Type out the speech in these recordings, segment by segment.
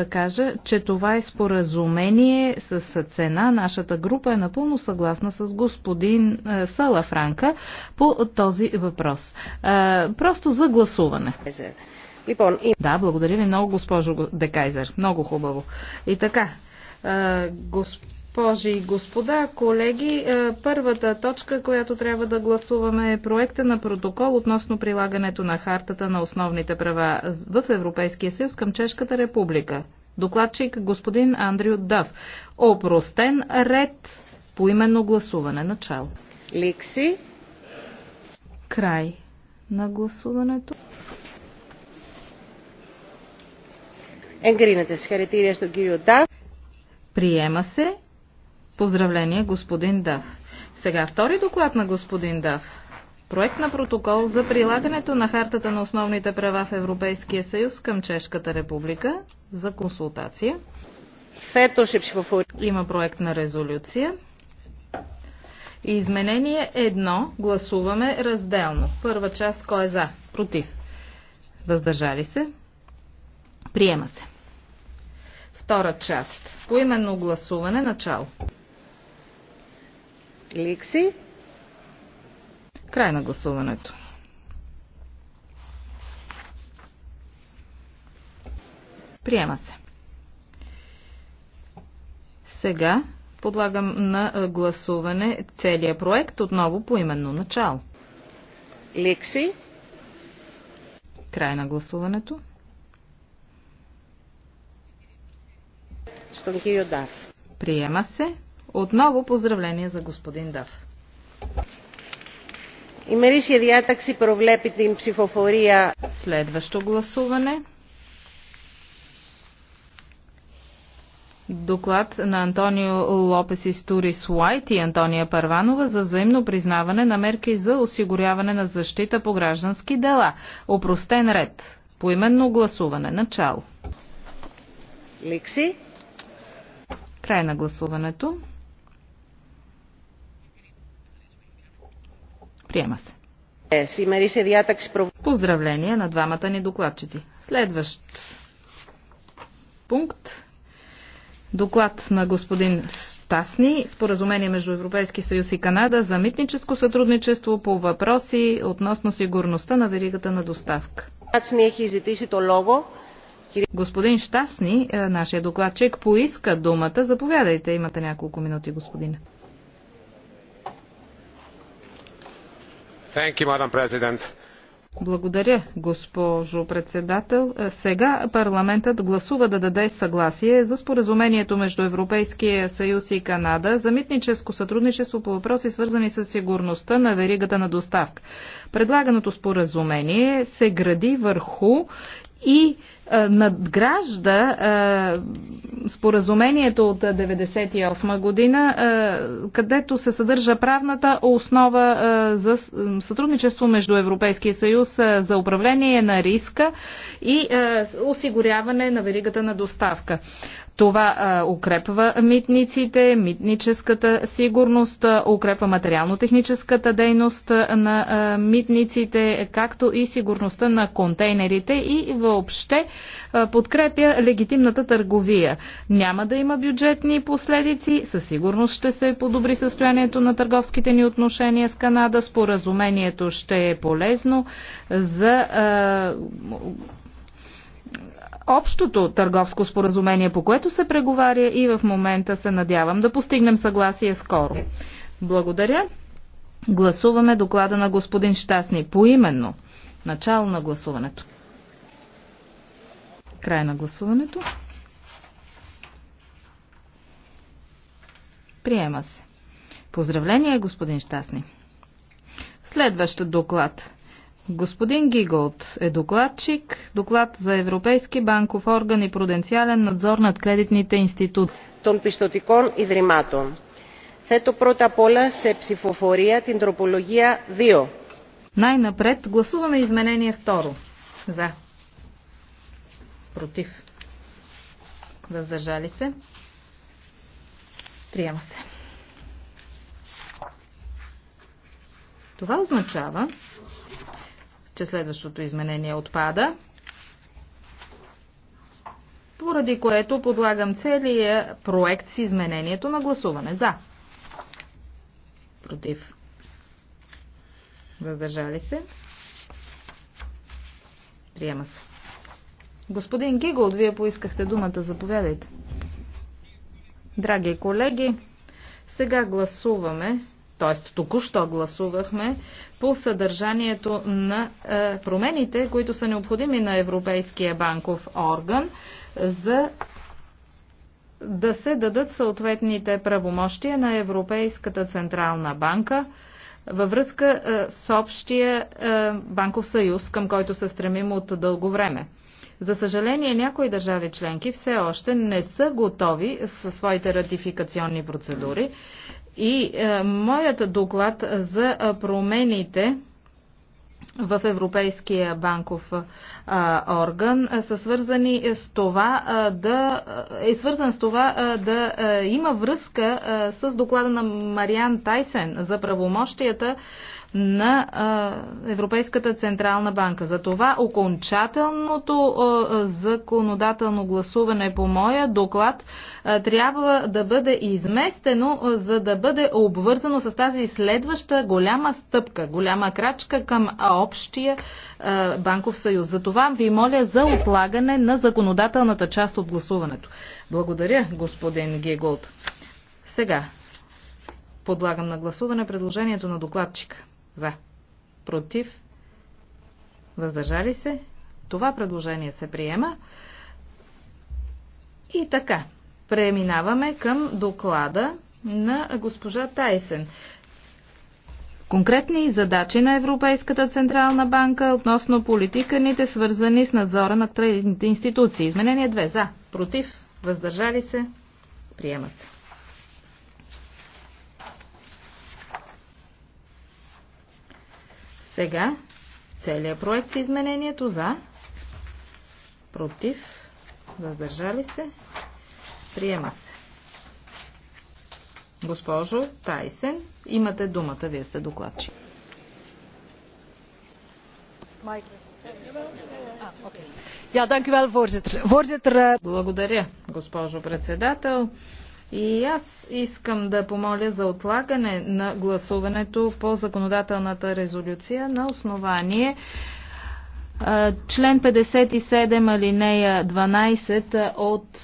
да кажа, че това е споразумение с цена. Нашата група е напълно съгласна с господин е, Сала Франка по този въпрос. Е, просто за гласуване. Да, благодаря ви много, госпожо Декайзер. Много хубаво. И така, е, господин Госпожи и господа, колеги, е, първата точка, която трябва да гласуваме е проекта на протокол относно прилагането на хартата на основните права в Европейския съюз към Чешката република. Докладчик господин Андрю Дъв. Опростен ред по именно гласуване. Начало. Ликси. Край на гласуването. Енгрината с στον κύριο Νταφ. Приема се. Поздравление, господин Дав. Сега втори доклад на господин Дав. Проект на протокол за прилагането на Хартата на основните права в Европейския съюз към Чешката република за консултация. Е Има проект на резолюция. Изменение едно. Гласуваме разделно. Първа част кой е за? Против. Въздържали се? Приема се. Втора част. Поименно гласуване. Начало. Ликси. Край на гласуването. Приема се. Сега подлагам на гласуване целият проект отново по именно начало. Ликси. Край на гласуването. Приема се. Отново поздравление за господин Дав. Ημερήσια си провлепите им психофория? Следващо гласуване. Доклад на Антонио Лопес Истурис Уайт и Антония Парванова за взаимно признаване на мерки за осигуряване на защита по граждански дела. Опростен ред. Поименно гласуване. Начало. Ликси. Край на гласуването. Приема се. Е, Поздравление на двамата ни докладчици. Следващ пункт. Доклад на господин Стасни. Споразумение между Европейски съюз и Канада за митническо сътрудничество по въпроси относно сигурността на веригата на доставка. Е господин Штасни, е, нашия докладчик, поиска думата. Заповядайте, имате няколко минути, господин. Благодаря, госпожо председател. Сега парламентът гласува да даде съгласие за споразумението между Европейския съюз и Канада за митническо сътрудничество по въпроси свързани с сигурността на веригата на доставка. Предлаганото споразумение се гради върху и е, надгражда е, споразумението от 1998 година, е, където се съдържа правната основа за сътрудничество между Европейския съюз за управление на риска и осигуряване на веригата на доставка. Това укрепва митниците, митническата сигурност, укрепва материално-техническата дейност на митниците, както и сигурността на контейнерите и в въобще е, подкрепя легитимната търговия. Няма да има бюджетни последици, със сигурност ще се подобри състоянието на търговските ни отношения с Канада. Споразумението ще е полезно за е, общото търговско споразумение, по което се преговаря и в момента се надявам да постигнем съгласие скоро. Благодаря. Гласуваме доклада на господин Щастни поименно. Начало на гласуването. Край на гласуването. Приема се. Поздравление, господин Щастни. Следващ доклад. Господин Гиголт е докладчик, доклад за Европейски банков орган и пруденциален надзор над кредитните институции. Των πιστοτικών ιδρυμάτων. Θέτω πρώτα απ' όλα σε ψηφοφορία την τροπολογία 2. Най-напред гласуваме изменение 2. За против, въздържали се, приема се. Това означава, че следващото изменение отпада, поради което подлагам целия проект с изменението на гласуване за. Против. Въздържали се. Приема се. Господин Гигол, вие поискахте думата. Заповядайте. Драги колеги, сега гласуваме, т.е. току-що гласувахме, по съдържанието на е, промените, които са необходими на Европейския банков орган за да се дадат съответните правомощия на Европейската централна банка във връзка е, с общия е, банков съюз, към който се стремим от дълго време. За съжаление, някои държави членки все още не са готови със своите ратификационни процедури. И е, моят доклад за е, промените в Европейския банков а, е, орган е, са свързани с това а, да е свързан с това а, да а, има връзка а, с доклада на Мариан Тайсен за правомощията на Европейската Централна банка. За това окончателното законодателно гласуване по моя доклад трябва да бъде изместено, за да бъде обвързано с тази следваща голяма стъпка, голяма крачка към общия банков съюз. За това ви моля за отлагане на законодателната част от гласуването. Благодаря, господин Гегулт. Сега подлагам на гласуване предложението на докладчика. За. Против. Въздържали се. Това предложение се приема. И така. Преминаваме към доклада на госпожа Тайсен. Конкретни задачи на Европейската Централна банка относно политиканите, свързани с надзора на кредитните институции. Изменение 2. За. Против. Въздържали се. Приема се. Сега целият проект е изменението за, против, въздържали се, приема се. Госпожо Тайсен, имате думата, вие сте докладчик. Eh, Благодаря, госпожо председател. И аз искам да помоля за отлагане на гласуването по законодателната резолюция на основание член 57 алинея 12 от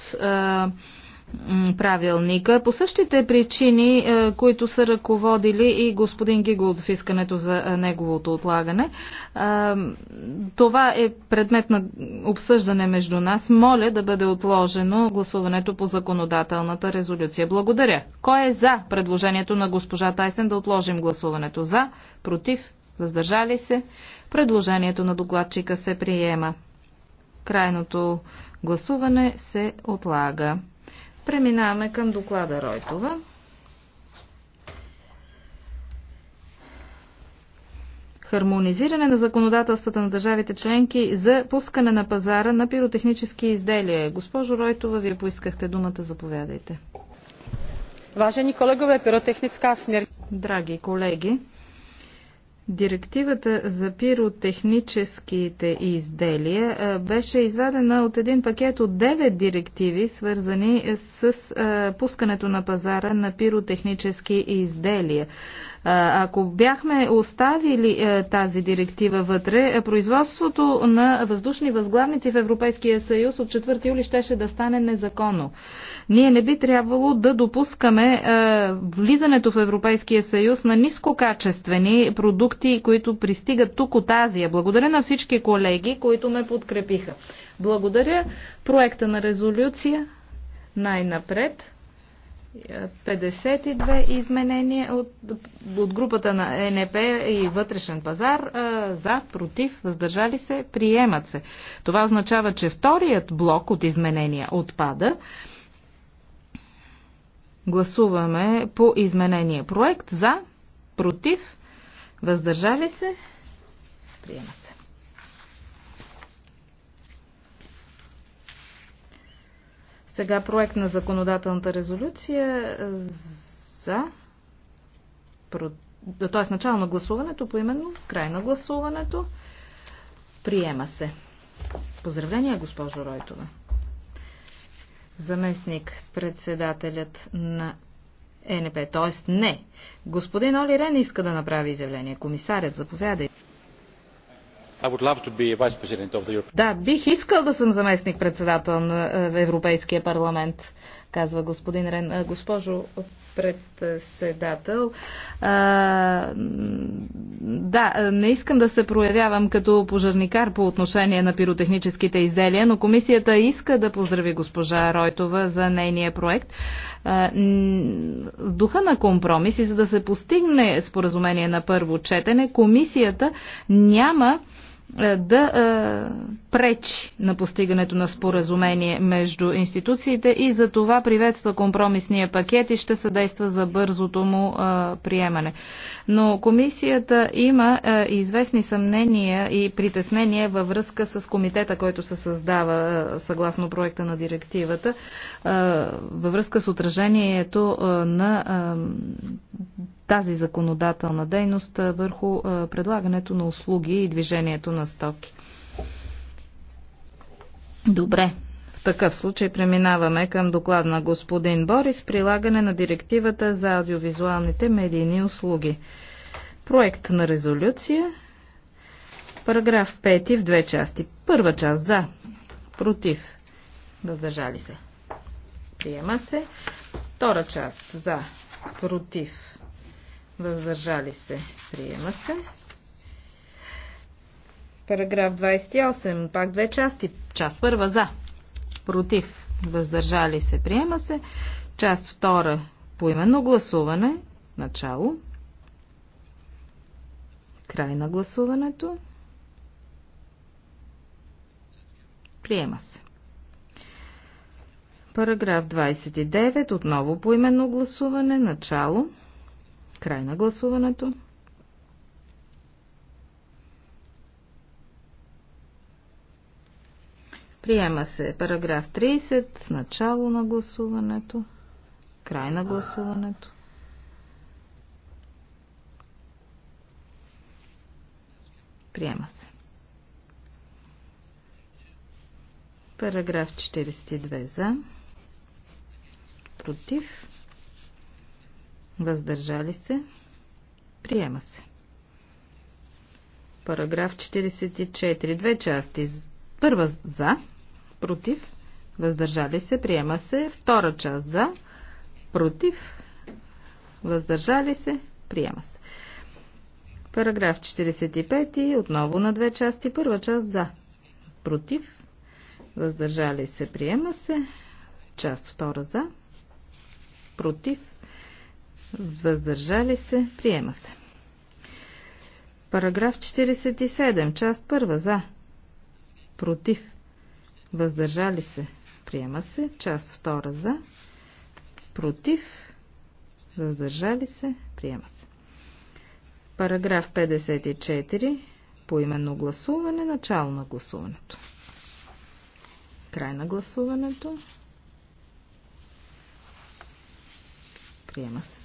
правилника по същите причини, е, които са ръководили и господин Гигол в искането за е, неговото отлагане. Е, това е предмет на обсъждане между нас. Моля да бъде отложено гласуването по законодателната резолюция. Благодаря. Кой е за предложението на госпожа Тайсен да отложим гласуването? За, против, въздържали се? Предложението на докладчика се приема. Крайното гласуване се отлага. Преминаваме към доклада Ройтова. хармонизиране на законодателствата на държавите членки за пускане на пазара на пиротехнически изделия. Госпожо Ройтова, вие поискахте думата, заповядайте. Важени колегове, пиротехницка смер... Драги колеги, Директивата за пиротехническите изделия беше извадена от един пакет от 9 директиви, свързани с пускането на пазара на пиротехнически изделия. Ако бяхме оставили е, тази директива вътре, е, производството на въздушни възглавници в Европейския съюз от 4 юли щеше да стане незаконно. Ние не би трябвало да допускаме е, влизането в Европейския съюз на нискокачествени продукти, които пристигат тук от Азия. Благодаря на всички колеги, които ме подкрепиха. Благодаря проекта на резолюция най-напред. 52 изменения от, от групата на НП и вътрешен пазар за, против, въздържали се, приемат се. Това означава, че вторият блок от изменения отпада. Гласуваме по изменение проект за, против, въздържали се, приема се. Сега проект на законодателната резолюция е, за т.е. начало на гласуването, поименно край на гласуването. Приема се. Поздравления, госпожо Ройтова. Заместник председателят на ЕНП, т.е. не. Господин Оли Рен иска да направи изявление. Комисарят, заповядайте. Да, бих искал да съм заместник председател на е, Европейския парламент, казва господин Рен. Госпожо председател, а, да, не искам да се проявявам като пожарникар по отношение на пиротехническите изделия, но комисията иска да поздрави госпожа Ройтова за нейния проект. В духа на компромис и за да се постигне споразумение на първо четене, комисията няма е, да е, пречи на постигането на споразумение между институциите и за това приветства компромисния пакет и ще съдейства за бързото му е, приемане. Но комисията има известни съмнения и притеснения във връзка с комитета, който се създава съгласно проекта на директивата, във връзка с отражението на тази законодателна дейност върху предлагането на услуги и движението на стоки. Добре. В такъв случай преминаваме към доклад на господин Борис прилагане на директивата за аудиовизуалните медийни услуги. Проект на резолюция. Параграф 5 в две части. Първа част за. Против. Въздържали се. Приема се. Втора част за. Против въздържали се, приема се. Параграф 28, пак две части. Част първа за, против, въздържали се, приема се. Част втора, поименно гласуване, начало. Край на гласуването. Приема се. Параграф 29, отново поименно гласуване, начало. Начало. Край на гласуването. Приема се параграф 30, начало на гласуването, край на гласуването. Приема се. Параграф 42 за. Против. Въздържали се. Приема се. Параграф 44. Две части. Първа за, против, въздържали се, приема се. Втора част за, против, въздържали се, приема се. Параграф 45. Отново на две части. Първа част за, против, въздържали се, приема се. Част втора за, против, Въздържали се. Приема се. Параграф 47. Част първа. За. Против. Въздържали се. Приема се. Част 2 За. Против. Въздържали се. Приема се. Параграф 54. Поименно гласуване. Начало на гласуването. Край на гласуването. Приема се.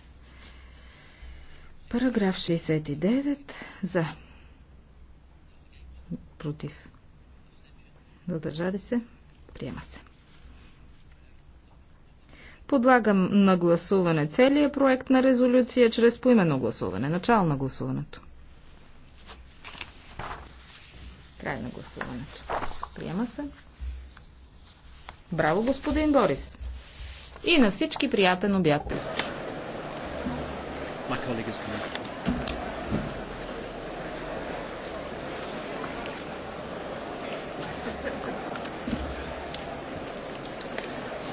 Параграф 69 за. Против. Задържали се. Приема се. Подлагам на гласуване целия проект на резолюция чрез поименно гласуване. Начало на гласуването. Край на гласуването. Приема се. Браво, господин Борис! И на всички приятен обяд! My colleague is coming.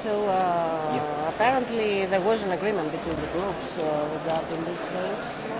So uh, yeah. apparently there was an agreement between the groups uh, regarding this. vote.